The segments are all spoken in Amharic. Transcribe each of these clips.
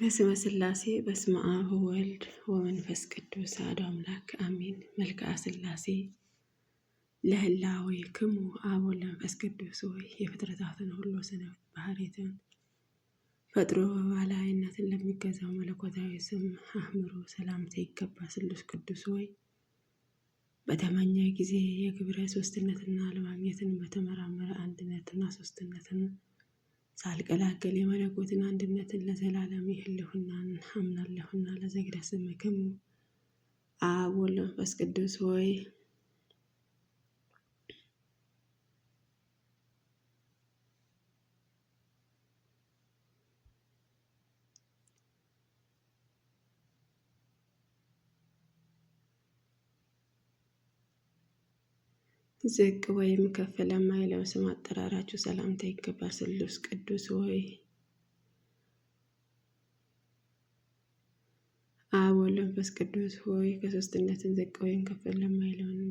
በስመ ስላሴ በስመ አብ ወልድ ወመንፈስ ቅዱስ አሐዱ አምላክ አሜን። መልክአ ስላሴ ለህላዌ ክሙ አብ ወልድ መንፈስ ቅዱስ ሆይ የፍጥረታትን ሁሉ ስነ ባህሪትን ፈጥሮ በባላይነትን ለሚገዛው መለኮታዊ ስም አእምሮ ሰላምታ ይገባ። ስሉስ ቅዱስ ሆይ በተመኘ ጊዜ የግብረ ሶስትነትና ለማግኘትን በተመራመረ አንድነትና ሶስትነትን ሳልቀላቀል የመለኮትን አንድነትን ለዘላለም ይህልሁናን አምናለሁና ለዘግዳ ስምክሙ አብ ወወልድ ወመንፈስ ቅዱስ ሆይ ዝቅ ወይም ከፍ ለማይለው ስም አጠራራችሁ ሰላምታ ይገባል። ስሉስ ቅዱስ ሆይ አብ ወልድ መንፈስ ቅዱስ ሆይ ከሶስትነትን ዝቅ ወይም ከፍ ለማይለውንም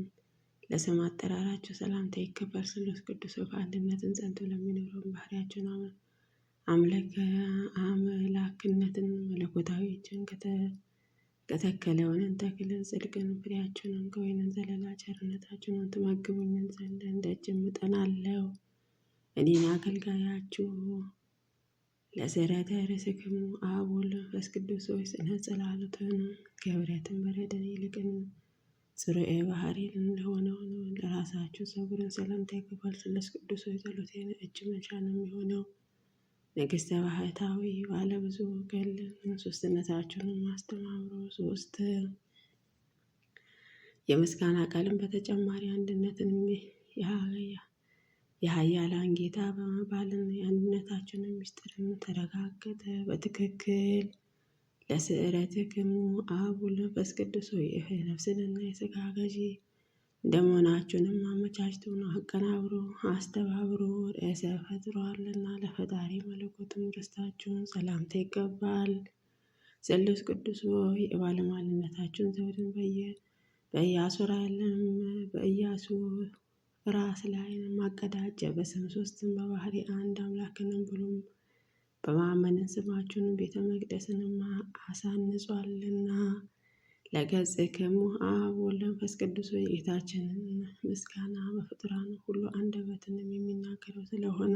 ለስም አጠራራችሁ ሰላምታ ይገባል። ስሉስ ቅዱስ ሆይ በአንድነትን ጸንቶ ለሚኖረውን ባህሪያችሁን አምላክነትን መለኮታዊ እጅን ከተከለውንን ተክልን ጽድቅን ፍሬያችንን ከወይንን ዘለላ ቸርነታችንን ትመግቡኝን ዘንድ እንደጅም እጠናለሁ። እኔን አገልጋያችሁ ለዘረተ ርስክሙ አብ ወልድ መንፈስ ቅዱስ ሆይ ጽነ ጽላሉትን ገብረትን በረድን ይልቅን ጽሩኤ ባህሪን ለሆነውን ለራሳችሁ ፀጉርን ሰላምታ ይገባል። ስላስ ቅዱስ ሆይ ጸሎቴን እጅ መንሻ ነው የሚሆነው። ንግስተ ባህታዊ ባለብዙ ገል ሶስትነታችሁንም አስተማምሮ ሶስት የምስጋና ቃልን በተጨማሪ አንድነትን የሀያላን ጌታ በመባልን የአንድነታችንን ምስጢርን ተረጋገጠ። በትክክል ለስዕረትክሙ አብ ወመንፈስ ቅዱስ ሆይ ነፍስንና የስጋ ገዢ ደመናችሁንም ነው አቀናብሮ አስተባብሮ ርዕሰ ፈጥሯልና ለፈጣሪ መለኮትም ርስታችሁን ሰላምታ ይገባል። ስሉስ ቅዱስ ሆይ የባለሟልነታችሁን ዘውድን በየ በኢያሱ ራለም በኢያሱ ራስ ላይ ማቀዳጀ በስም ሶስትም በባህሪ አንድ አምላክንም ብሎም በማመንን ስማችሁን ቤተ መቅደስንም አሳንጿልና ለገጽክሙ አብ ወወልድ ወመንፈስ ቅዱስ የጌታችንን ምስጋና በፍጥራን ሁሉ አንደበትንም የሚናገረው ስለሆነ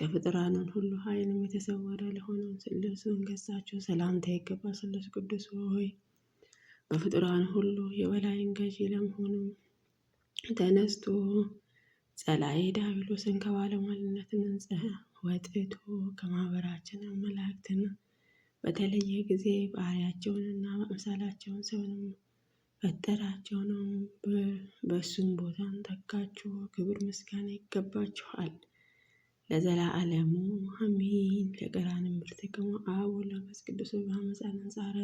ከፍጥራንን ሁሉ ኃይልም የተሰወረ ለሆነው ልብሱን ገጻችሁ ሰላምታ ይገባ ስሉስ ቅዱስ ሆይ በፍጥራን ሁሉ የበላይን ገዢ ለመሆኑ ተነስቶ ጸላዔ ዲያብሎስን ከባለሟልነት ወጥቶ ከማህበራችን መላእክትን በተለየ ጊዜ ባህሪያቸውንና አምሳላቸውን ሰውንም ፈጠራቸው ነው። በእሱም ቦታን ተካችሁ። ክብር ምስጋና ይገባችኋል ለዘላለሙ አሜን። ለቀራን ምርትክሙ አብ ወለመንፈስ ቅዱስ በአመፃን አንጻረ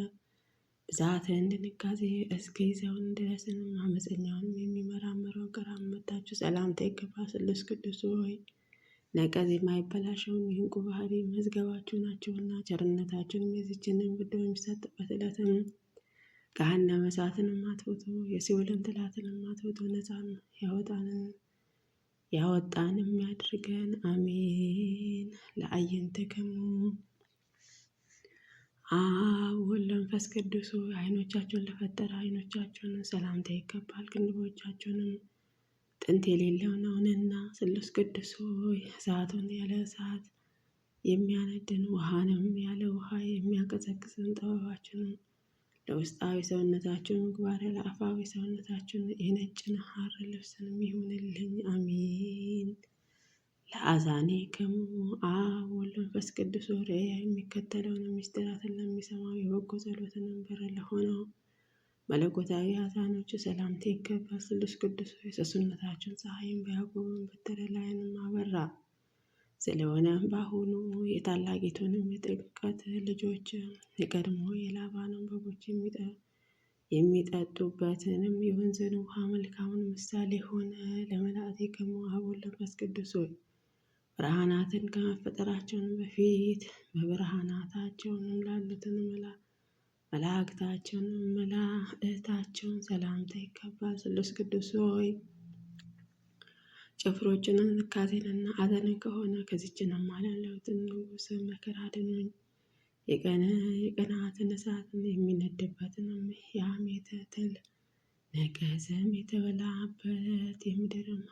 ብዛትን ድንጋዜ እስኪ ይዘውን ድረስንም አመፀኛውንም የሚመራመረው ቀራን መታችሁ ሰላምታ ይገባ ስሉስ ቅዱስ ሆይ ነቀዝ የማይበላሸውን ይህንቁ ባህሪ መዝገባችሁ ናችሁና ቸርነታችሁን የዚችንም ብድር የሚሰጥበት ዕለትን ገሃነመ እሳትንም አትፍቱ፣ የሲኦልን ጥላትን አትፍቱ። ነፃ ያወጣንን ያወጣን ያድርገን። አሜን። ለአይንትክሙ አብ ወወልድ ወመንፈስ ቅዱስ። አይኖቻቸውን ለፈጠረ አይኖቻቸውን ሰላምታ ይገባል። ክንዶቻችሁንም ጥንት የሌለው ነውንና ስሉስ ቅዱስ ሆይ እሳቱን ያለ እሳት የሚያነድን ውሃንም ያለ ውሃ የሚያቀዘቅዝን ጥበባችንን ለውስጣዊ ሰውነታችን ምግባር ለአፋዊ ሰውነታችን የነጭን ሐር ልብስንም ይሁንልኝ። አሚን። ለአዛኔ ከሙ አብ ወልድ መንፈስ ቅዱስ ወሬ የሚከተለውን ምስጢራትን ለሚሰማው የበጎ ጸሎትን በር ለሆነው መለኮታዊ ሀሳኖቹ ሰላምታ ይገባል። ስሉስ ቅዱስ ሆይ ስሱነታችን ፀሐይን በያዕቆብም በትረ ላይንም አበራ። ስለሆነ በአሁኑ የታላቂቱንም የጥልቀት ልጆች የቀድሞ የላባንም በጎች የሚጠጡበትንም የወንዝን ውሃ መልካሙን ምሳሌ ሆነ። ለመላእክት ከመዋሃብ ለመንፈስ ቅዱስ ሆይ ብርሃናትን ከመፈጠራቸውን በፊት በብርሃናታቸውንም ላሉትን መላ መላእክታችን መላእክታችን ሰላምታ ይገባል። ስሉስ ቅዱስ ሆይ ጭፍሮችን ንካቴንና አዘንን ከሆነ ከዚችን አማላን ለውጥን ንጉሥ መከራ አድኑኝ። የቀነ የቀናትን እሳትን የሚነድበትን ያም የተተል ነገዘም የተበላበት የምድርም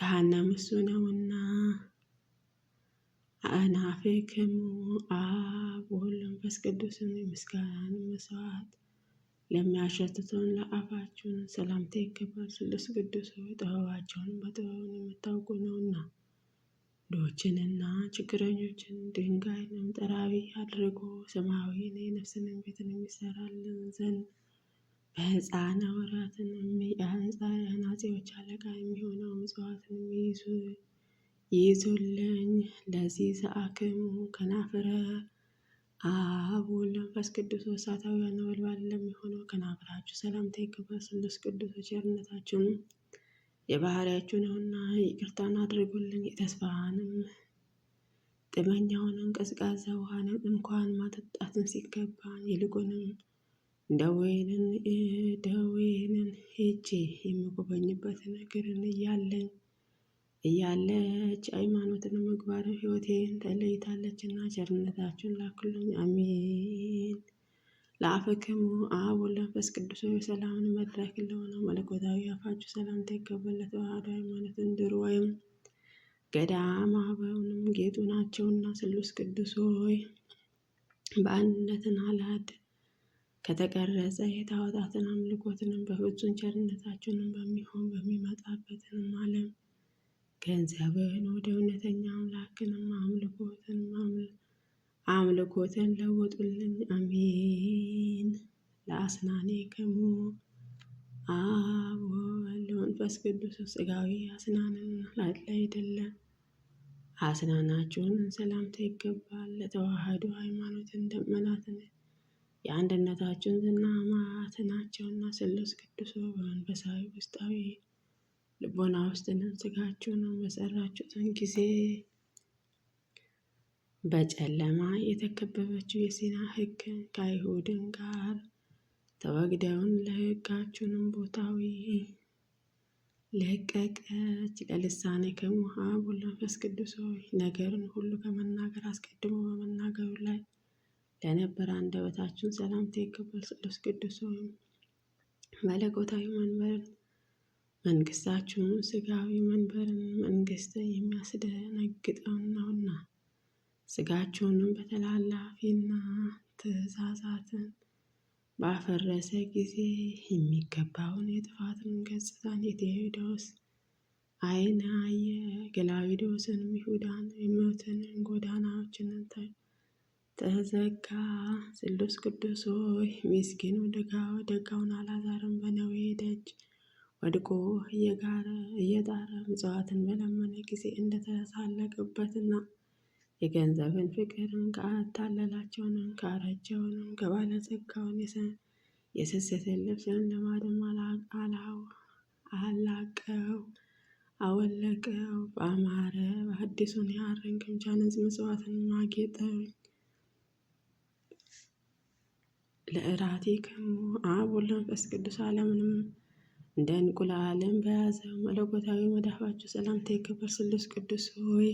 ገሃነም እሱ ነውና አናፍክሙ አብ ወወልድ ወመንፈስ ቅዱስን የምስጋናን መስዋዕት ለሚያሸትተውን ለአፋችሁን ሰላምታ ይገባል። ስሉስ ቅዱስ ሆይ ጥበባቸውን በጥበብን የምታውቁ ነውና ዶችንና ችግረኞችን ድንጋይንም ጠራቢ አድርጎ ሰማያዊን የነፍስንም ቤትን የሚሰራልን ዘንድ በሕፃነ ወራትን የአናጺዎች አለቃ የሚሆነው ምጽዋትን የሚይዙ ይዙልኝ ለዚህ ዘአክሙ ከናፍረ አብ ወወልድ ወመንፈስ ቅዱስ እሳታዊ ነበልባል ለሚሆነው ከናፍራችሁ ሰላምታ ይገባል። ስሉስ ቅዱስ ቸርነታችሁን የባህሪያችሁ ነውና ይቅርታን አድርጉልን። የተስፋንም ጥመኛውንም ቀዝቃዛ ውሃንም እንኳን ማጠጣትን ሲገባን ይልቁንም ደዌንን ደዌንን ሄጄ የምጎበኝበት ነገርን እያለኝ እያለች ሃይማኖትን ምግባር ህይወቴን እና ቸርነታችሁን ላክሉኝ። አሜን። ለአፈክሙ አብ ወወልድ ወመንፈስ ቅዱስ የሰላምን መድረክ ለሆነ መለኮታዊ አፋችሁ ሰላምታ ይገባለት። ተዋህዶ ሃይማኖትን ድሩ ወይም ገዳም አበውንም ጌጡ እና ስሉስ ቅዱስ ሆይ በአንድነትን አላድ ከተቀረጸ የጣዖታትን አምልኮትንም በፍጹም ቸርነታችሁንም በሚሆን በሚመጣበትንም ዓለም ገንዘብህን ወደ እውነተኛ አምላክንም አምልኮትን አምልኮትን ለውጡልኝ። አሜን። ለአስናኔ ከሙ አብ ወወልድ ወመንፈስ ቅዱስ ስጋዊ አስናንን ኃጢአት አይደለም አስናናችሁን ሰላምታ ይገባል። ለተዋህዶ ሃይማኖትን ደመናትን የአንድነታችሁን ዝና ማዕት ስሉስ ቅዱስ በመንፈሳዊ ውስጣዊ ልቦና ውስጥ ነፍስጋችሁ ነው በሰራችሁትን ጊዜ በጨለማ የተከበበችው የሲና ህግ ከአይሁድን ጋር ተወግደውን ለህጋችሁንም ቦታዊ ለቀቀች። ለልሳኔ ከሙሃ መንፈስ ቅዱስ ሆይ ነገርን ሁሉ ከመናገር አስቀድሞ በመናገሩ ላይ ለነበረ አንደበታችሁን ሰላምታ ይገባል። ቅዱስ ቅዱስ ሆይ መለኮታዊ መንበር መንግሥታችሁም ስጋዊ መንበርን መንግስት የሚያስደነግጠው ነውና ሥጋችሁንም በተላላፊና ትእዛዛትን ባፈረሰ ጊዜ የሚገባውን የጥፋትን ገጽታን የቴዎዶስ ዓይን አየ። ገላውዴዎስንም ይሁዳን የሞትን ጎዳናዎችንን ተዘጋ። ስሉስ ቅዱስ ሆይ ምስኪኑ ደጋው ደጋውን አልዓዛርን በነዌ ደጅ ወድቆ እየጋረ እየጣረ ምጽዋትን በለመነ ጊዜ እንደተሳለቅበትና የገንዘብን ፍቅርን ከአታለላቸውንም ካረጀውንም ከባለጸጋውን የስስትን ልብስን ልማድም አላው አላቀው አወለቀው በአማረ በአዲሱን የሐርን ግምጃን ሕዝብ ምጽዋትን ማጌጠኝ ለእራቴ ክሙ አብ ወወልድ ወመንፈስ ቅዱስ ዓለምንም እንደ እንቁላልን በያዘ መለኮታዊ መዳፋችሁ ሰላምታ ይከበር። ስሉስ ቅዱስ ሆይ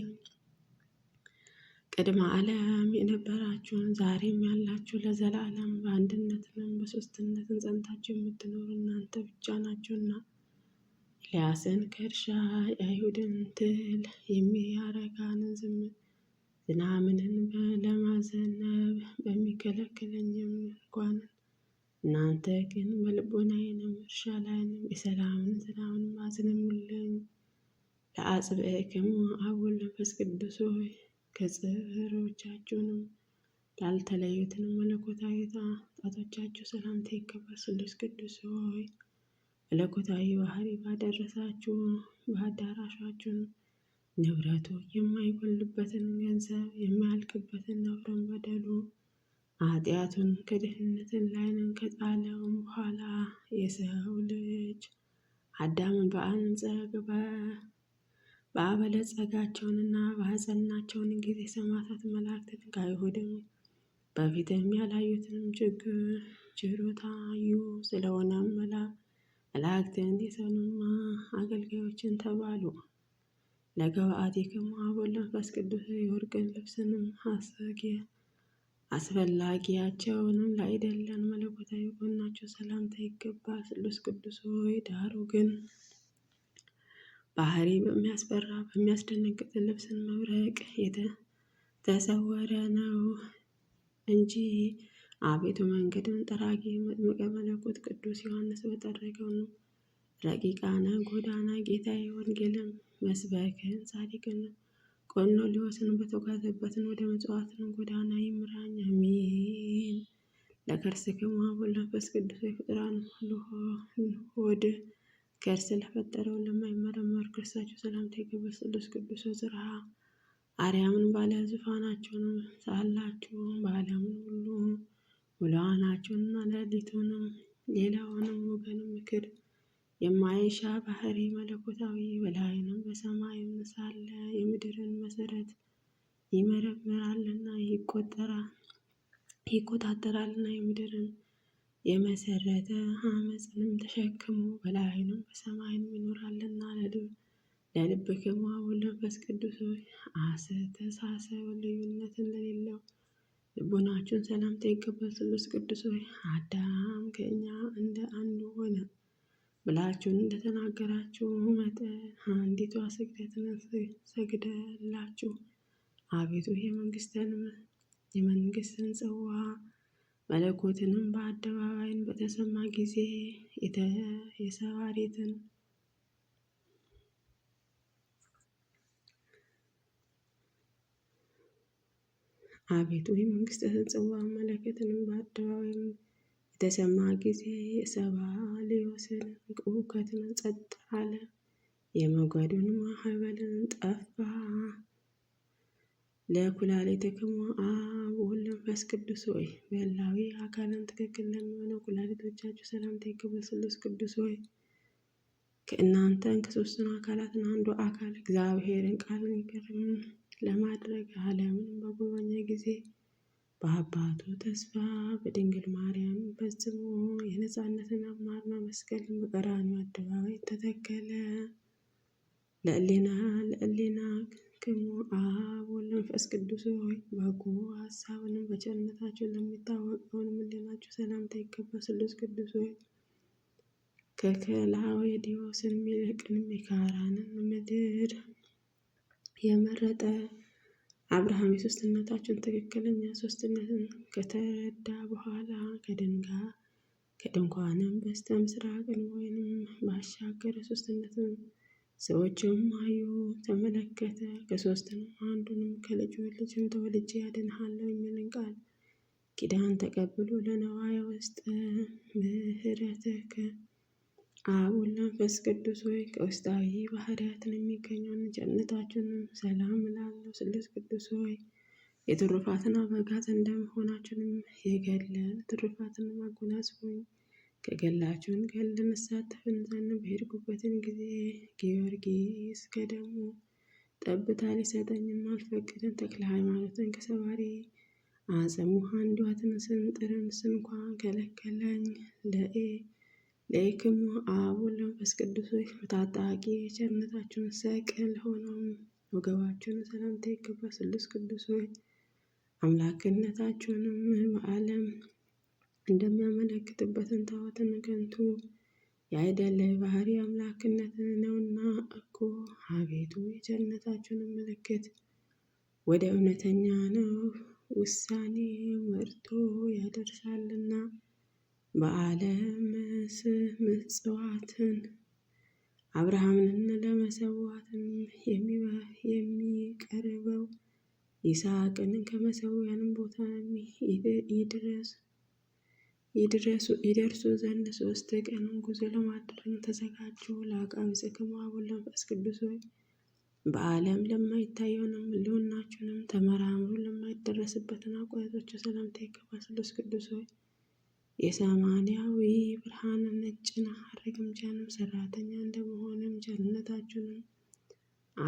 ቅድመ ዓለም የነበራችሁን ዛሬም ያላችሁ ለዘላለም በአንድነትንም በሶስትነትን ጸንታችሁ የምትኖሩ እናንተ ብቻ ናችሁና ኤልያስን ከእርሻ የአይሁድን ትል የሚያረጋንን ዝም ዝናምንን ለማዘነብ በሚከለክለኝም እንኳን እናንተ ግን በልቦናዬንም እርሻላይንም የሰላምን ሰላምን አጽንሙልኝ። ለአጽብዕክሙ አብ ወወልድ ወመንፈስ ቅዱስ ሆይ ከጽሮቻችሁንም ላልተለዩትን መለኮታዊ ጣቶቻችሁ ሰላምታ ይገባል። ስሉስ ቅዱስ ሆይ መለኮታዊ ባህሪ ባደረሳችሁ በአዳራሻችሁን ንብረቱ የማይጎልበትን ገንዘብ የማያልቅበትን አብረን በደሉ ኃጢአቱን ከድህነትን ላይንን ከጣለውም በኋላ የሰው ልጅ አዳምን በአንጸግ በአበለጸጋቸውንና በአጸናቸውን ጊዜ ሰማዕታት መላእክትን ከአይሁድም በፊትም ያላዩትንም ችሮታ አዩ። ስለሆነም መላእክትን የሰውንማ አገልጋዮችን ተባሉ። ለገባአቲክሙ አብ ቅዱስ የወርቅን ልብስንም ሐሰጌ አስፈላጊያቸውንም ላይደለን መለኮታዊ ጎናቸው ሰላምታ ይገባል። ስሉስ ቅዱስ ሆይ ዳሩ ግን ባህሪ በሚያስፈራ በሚያስደነግጥ ልብስን መብረቅ የተሰወረ ነው እንጂ አቤቱ መንገድን ጠራጊ መጥምቀ መለኮት ቅዱስ ዮሐንስ በጠረገው ነው። ረቂቃነ ጎዳና ጌታ የወንጌልን መስበክን ጻድቅን ቆኖ ሊወስን በተጓዘበትን ወደ መጽዋትን ጎዳና ይምራኝ፣ አሜን። ለከርስ አብ ወወልድ ወመንፈስ ቅዱስ የፍጥራን ሁሉ ሆድ ከርስ ለፈጠረው ለማይመረመር ክርስታቸው ሰላምታ ይገባል። ቅዱስ ቅዱስ ዝርሃ አርያምን ባለ ዙፋናቸውንም ሳላችሁ በዓለምን ሁሉ ውለዋናቸውንና ሌሊቱንም ሌላውንም ወገንም ምክር የማይሻ ባህሪ መለኮታዊ በላይንም በሰማይም ሳለ የምድርን መሰረት ይመረምራልና ይቆጠራል ይቆጣጠራልና የምድርን የመሰረተ አመፅንም ተሸክሞ በላይንም በሰማይም ይኖራልና ለልብ ለልብ ክማ ወለንፈስ ቅዱስ አስተሳሰብ ልዩነትን እንደሌለው ልቡናችሁን ሰላምታ ይገባል። ስሉስ ቅዱሶች አዳም ከእኛ እንደ አንዱ ሆነ። ብላችሁን እንደተናገራችሁ መጠን አንዲቷ ስግደትን ሰግደላችሁ። አቤቱ የመንግስትን ጽዋ መለኮትንም በአደባባይን በተሰማ ጊዜ የሰባሪትን አቤቱ የመንግስትን ጽዋ መለኮትንም በአደባባይ የተሰማ ጊዜ ሰባ ሊወስን እውከትን ጸጥ አለ። የሞገዱን ማህበልን ጠፋ። ለኩላሊትክሙ አብ ወወልድ ወመንፈስ ቅዱስ ሆይ በላዊ አካልን ትክክል ለሚሆነው ኩላሊቶቻችሁ ሰላምታ ይክብር። ስሉስ ቅዱስ ሆይ ከእናንተን ከሶስቱን አካላትን አንዱ አካል እግዚአብሔርን ቃልን ገርም ለማድረግ ዓለምን በጎበኘ ጊዜ በአባቱ ተስፋ በድንግል ማርያም ፈጽሞ የነፃነትን አማርና መስቀል በቀራንዮ አደባባይ ተተከለ። ለዕሌና ለዕሌና ክሙ አብ ወወልድ ወመንፈስ ቅዱስ ሆይ በጎ ሀሳብንም በቸርነታችሁ ለሚታወቀውን ምልናችሁ ሰላምታ ይገባ። ስሉስ ቅዱስ ሆይ ከከላዊ ዲዮስን ሚልቅን የካራንን ምድር የመረጠ አብርሃም የሶስትነታችን ትክክለኛ ሶስትነትን ከተረዳ በኋላ ከድንጋ ከድንኳንም በስተ ምስራቅን ወይንም ባሻገረ ሶስትነትን ሰዎችም አዩ፣ ተመለከተ። ከሶስትንም አንዱንም ከልጁ ልጅም ተወልጄ ያድንሃለሁ የሚልን ቃል ኪዳን ተቀብሎ ለነዋያ ውስጥ ምህረትህ አብ ወወልድ ወመንፈስ ቅዱስ ሆይ ከውስጣዊ ባህርያትን የሚገኘውን ጀነታችንን ሰላም እላለሁ። ስሉስ ቅዱስ ሆይ የትሩፋትን አበጋት እንደመሆናችንም የገለ ትሩፋትን አጎናጽፎኝ ከገላችሁን ገድል እንሳተፍን ዘንድ በሄድኩበትን ጊዜ ጊዮርጊስ ከደሞ ጠብታ ሊሰጠኝም አልፈቅድም። ተክለ ሃይማኖትን ከሰባሪ አጽም ውሃ እንዷትን ስንጥርን ስንኳ ከለከለኝ ለኤ ለይክሙ አብ ወወልድ ወመንፈስ ቅዱስ ሆይ ታጣቂ የቸርነታችሁ መሳቅል ሆነው ወገባችሁን ሰላምታ ይገባ ስሉስ ቅዱስ ሆይ አምላክነታችሁንም በዓለም እንደሚያመለክትበትን ታወትን ከንቱ የአይደለ ባህሪ አምላክነትን ነውና እኮ አቤቱ የቸርነታችሁንም ምልክት ወደ እውነተኛ ነው ውሳኔ መርቶ ያደርሳልና በዓለም ስም ምጽዋትን አብርሃምን ለመሰዋትም የሚቀርበው ይስሐቅን ከመሰዊያንም ቦታ ይድረሱ ይድረሱ ይደርሱ ዘንድ ሶስት ቀን ጉዞ ለማድረግ ተዘጋጁ። ለአቃቢ ጽክም አቡን መንፈስ ቅዱስ ሆይ በዓለም ለማይታየውንም ህልውናችሁንም ተመራምሩ ለማይደረስበትን አቋያቶች ሰላምታ ይገባ። ቅዱስ ቅዱስ ሆይ የሰማያዊ ብርሃን ነጭን ሐረግ ምጃንም ሰራተኛ እንደመሆንም ጀርነታችሁንም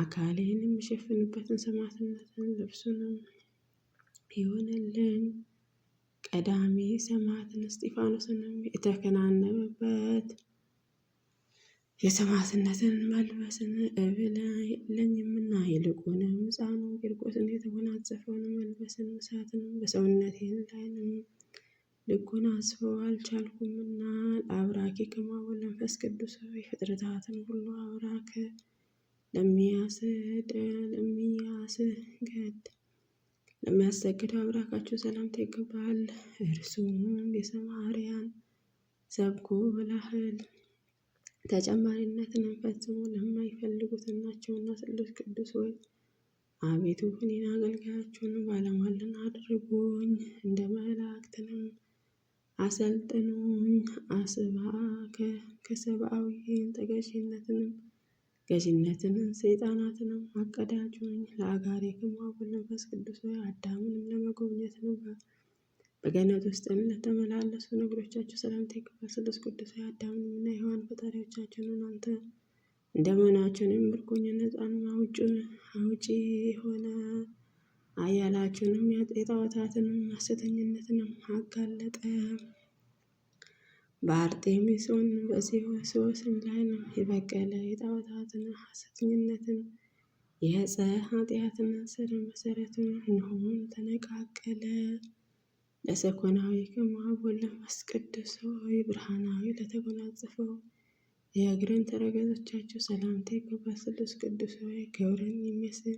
አካሌንም የሸፍንበትን ሰማዕትነትን ልብሱንም ይሆንልኝ። ቀዳሚ ሰማዕትን እስጢፋኖስንም የተከናነበበት የሰማዕትነትን መልበስን እብለኝምና ይልቁንም ሕፃኑ ቂርቆስን የተጎናጸፈውን መልበስን ምሳትን በሰውነቴን ላይንም ልጎናጽፈው አልቻልኩምና አብራኪ ከማወል መንፈስ ቅዱስ ሆይ ፍጥረታትን ሁሉ አብራክ ለሚያስድ ለሚያስገድ ለሚያስሰግድ አብራካችሁ ሰላምታ ይገባል። እርሱም የሰማርያን ዘብጎ ብላህል ተጨማሪነትን ፈጽሞ ለማይፈልጉት ናቸውና ስሉስ ቅዱስ ሆይ አቤቱ እኔን አገልጋያችሁን ባለሟልን አድርጎኝ እንደ መላእክትንም አሰልጥኑኝ አስባ ከሰብአዊ ተገዥነትንም ገዥነትንም ሰይጣናትንም አቀዳጁኝ ለአጋሪክም አቡነ መንፈስ ቅዱስ ሆይ አዳምንም ለመጎብኘት ነው። በገነት ውስጥም ለተመላለሱ ነገሮቻቸው ሰላምታ ይገባል። ስሉስ ቅዱስ ሆይ አዳምንም እና ሔዋን ፈጣሪዎቻችንን አንተ እንደመሆናቸውንም ምርኮኛ ነፃን አውጪ የሆነ አያላችንም የጣዖታትንም ሐሰተኝነትንም አጋለጠ። በአርጤሚሶን በሴሶስም ላይ ነው የበቀለ የጣዖታትን ሐሰተኝነትን የዕፀ ኃጢአትን ስር መሰረቱን እንሆን ተነቃቀለ። ለሰኮናዊ ከማቦል ለማስቀደሰ ወይ ብርሃናዊ ለተጎናጸፈው የእግርን ተረገዞቻቸው ሰላምታ ይገባ። ስሉስ ቅዱስ ወይ ገብርን የሚያስብ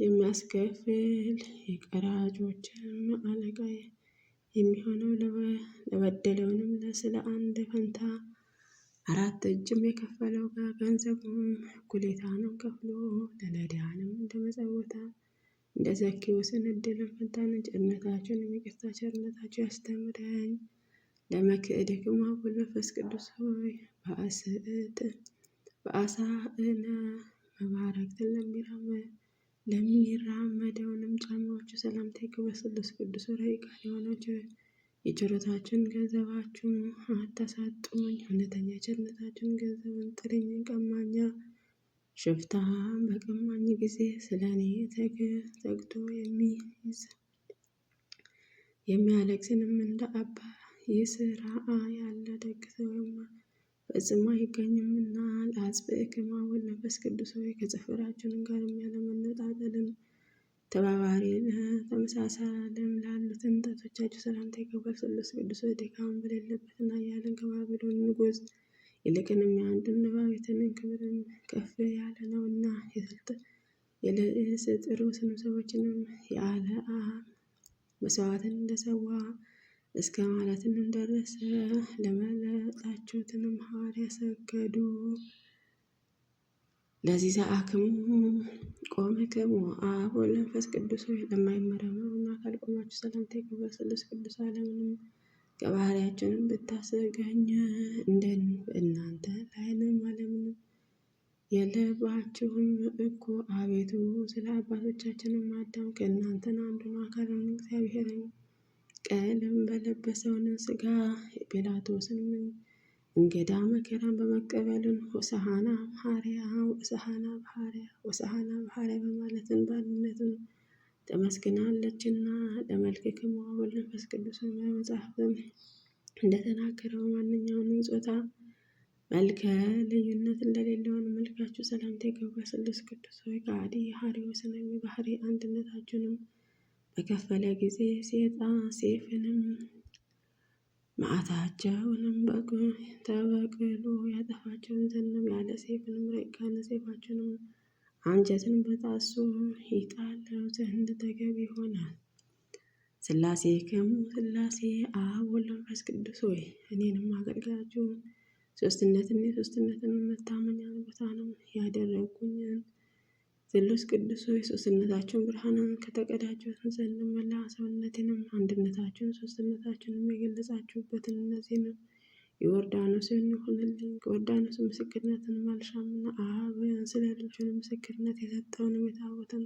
የሚያስከፍል የቀራጮችም አለቃ የሚሆነው ለበደለውንም ለስለ አንድ ፈንታ አራት እጅም የከፈለው ጋር ገንዘቡም እኩሌታንም ከፍሎ ለነዳያንም እንደ እንደ ዘኪዎስን እድል ፈንታን ጭነታቸውን የሚቅርታ ቸርነታቸው ያስተምረኝ። ለመክእድክም አቡል መንፈስ ቅዱስ ሆይ በአስእጥ በአሳእነ መባረክትን ለሚራመ ለሚራመደውንም ጫማዎቹ ሰላምታ ይገባል። ስሉስ ቅዱስ ሆይ ቃል የሆናቸው የችሎታችን ገንዘባችሁን አታሳጡኝ። እውነተኛ ቸርነታችሁን ገንዘብን ጥልኝ። ቀማኛ ሽፍታ በቀማኝ ጊዜ ስለ እኔ ተግቶ የሚይዝ የሚያለቅስንም እንደ አባ ይስራ ያለ ደግ ሰው ፈጽሞ አይገኝምና ለአጽብዕከ ወመንፈስ ቅዱስ ሆይ ከጽፍራችን ጋር ያለመነጣጠልን ተባባሪ ተመሳሳይ ዓለም ላሉት ጠላቶቻችሁ ሰላምታ ይገባል። ስሉስ ቅዱስ ድካም በሌለበት በሌለበትና ያለን ከባቢሎን ንጉሥ ይልቅንም የአንድም ንባቤትንን ክብርን ከፍ ያለ ነው እና የልዕስ ጥሩ ስንም ሰዎችንም ያለ መስዋዕትን እንደሰዋ እስከ ማለትም እንደረሰ ለመለጣችሁትንም ሐዋርያ ሰገዱ። ለዚህ ዘአክሙ ቆምክሙ አብ ወወልድ ወመንፈስ ቅዱስ ሆይ ለማይመረመሩና አካል ቆማችሁ ሰላምታ ይገባ ስሉስ ቅዱስ ዓለምንም ከባህሪያችንም ብታሰጋኝ እንደን እናንተ ላይንም ዓለምንም የለባችሁም እኮ አቤቱ ስለ አባቶቻችንም አዳም ከእናንተን አንዱን አካልን እግዚአብሔርን ቀለም በለበሰውን ስጋ የጲላጦስን እንገዳ መከራን በመቀበልን ሆሳሃና ባህሪያ ሆሳሃና ባህሪያ ሆሳሃና ባህሪያ በማለትን ባልነትን ተመስግናለችና ለመልክ ክሙ ወወልድ ወመንፈስ ቅዱስ መጽሐፍም እንደተናገረው ማንኛውንም ጾታ መልከ ልዩነት እንደሌለውን መልካችሁ ሰላምታ ይገባ ስሉስ ቅዱስ ሆይ ከአዲ ሀሪዎስን ባህሪ አንድነታችሁንም በከፈለ ጊዜ ሴጣን ሴፍንም መዓታቸውንም ተበቅሉ ያጠፋቸውን ዘንም ያለ ሴፍንም ረቂቃነ ሴፋቸውንም አንጀትን በጣሱ ይጣለው ዘንድ ተገቢ ይሆናል። ስላሴ ከሙ ስላሴ አብ ወልድ መንፈስ ቅዱስ ሆይ እኔንም አገልጋያችሁን ሶስትነትን የሶስትነትን መታመኛ ቦታ ነው ያደረጉኝን ዘሎስ ቅዱሶ የሶስትነታችሁን ብርሃንን ከተቀዳጀው ዘንድ መላ ሰውነትንም አንድነታችሁን ሶስትነታችሁንም የገለጻችሁበትን እነዚህንም የዮርዳኖስን ይሁንልኝ። ከዮርዳኖስ ምስክርነትን አልሻምና አብ ስለ ልጁን ምስክርነት የሰጠውንም የታቦትን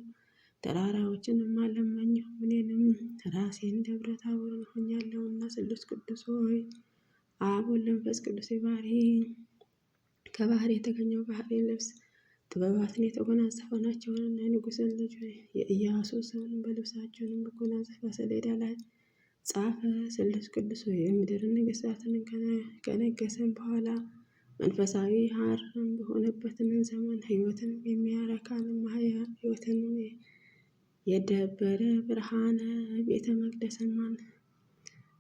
ተራራዎችንም አለመኘሁ። እኔንም ራሴን ደብረ ታቦርን ሆኛለሁና ስሉስ ቅዱስ ሆይ አብ ወመንፈስ ቅዱስ የባህሪ ከባህሪ የተገኘው ባህሪ ልብስ ጥበባትን የተጎናጸፉ ናቸውና የንጉሥን ልጅ የኢያሱ ስምን በልብሳቸውንም መጎናጸፍ በሰሌዳ ላይ ጻፈ። ስሉስ ቅዱስ የምድር ነገሥታትን ከነገሰም በኋላ መንፈሳዊ ሀረም በሆነበትን ዘመን ሕይወትን የሚያረካን ማያ ሕይወትን የደበረ ብርሃነ ቤተ መቅደስን ማን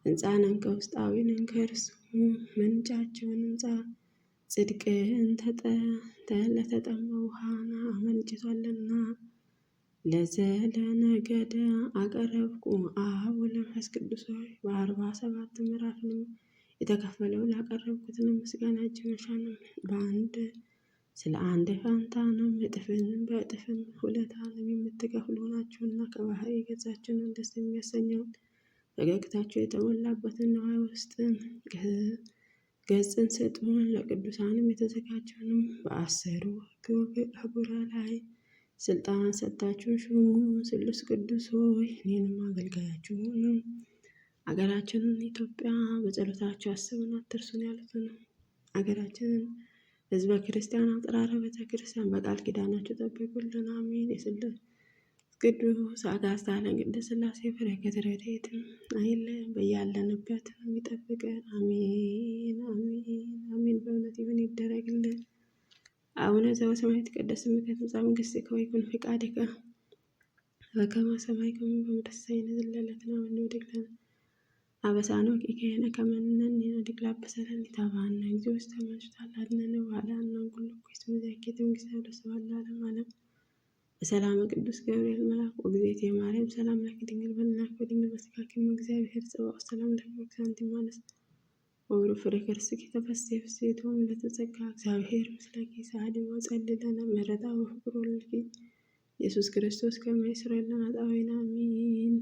ህንፃ ነንከ ውስጣዊ ነንከርስ ምንጫቸውን ህንፃ ጽድቅህን ለተጠማ ውሃና አመንጭቷልና ለዘለ ነገደ አቀረብኩ አብ ወለመንፈስ ቅዱስ ሆይ በአርባ ሰባት ምዕራፍንም የተከፈለውን ላቀረብኩትን ምስጋና እጅ መሻንም በአንድ ስለ አንድ ነው እጥፍን በእጥፍን በእጥፍም ሁለታንም የምትከፍሉ ናችሁና ከባህር የገዛችሁን ደስ የሚያሰኘውን ፈገግታችሁ የተሞላበትን ነዋይ ውስጥን ግህ ገጽን ሰጥሞን ለቅዱሳንም የተዘጋጀውንም በአስሩ አህጉራ ላይ ስልጣን ሰጥታችሁ ሹሙ። ስሉስ ቅዱስ ሆይ እኔንም አገልጋያችሁንም አገራችንን ኢትዮጵያ በጸሎታችሁ አስቡን አትርሱን ያሉት ነው። አገራችንን ህዝበ ክርስቲያን አጠራረ ቤተ ክርስቲያን በቃል ኪዳናችሁ ጠብቁልን። አሜን። የስለት ቅዱስ አጋዕዝተ ዓለም ቅድስት ሥላሴ በረከት ረድኤቱ አይለየን፣ በያለንበት የሚጠብቀን። አሜን አሜን አሜን። በእውነት ይሁን ይደረግልን። አቡነ ዘበሰማያት ይትቀደስ ስምከ ትምጻእ መንግሥትከ ወይኩን ፈቃድከ በከመ በሰማይ በምድር ሲሳየነ ዘለለትነ ሀበነ ወኅድግ አበሳነ ወጌጋየነ ከመ ንሕነኒ ወዲግ ላበሰነ ኢታብአነ እግዚኦ ውስተ መንሱት አድኅነነ ወሀበነ ኩሉ ኩሎ እስመ ዘኪየት መንግሥተ ለዓለመ ዓለም በሰላም ቅዱስ ገብርኤል መልአክ ወግዜት የማርያም ሰላም ላኪ ድንግል በልናክ በድንግል በስካኪም እግዚአብሔር ጽባኦት ሰላም ደግሞ ከአንቲ ማለት ወብሩ ፍሬ ከርስኪ ተፈሥሒ ፍሥሕት ለተጸጋ እግዚአብሔር ምስለኪ ሳህድ ወጸልለነ ምሕረታ ወፍቅር ወልኪ ኢየሱስ ክርስቶስ ከመይ አጣዊና አሜን።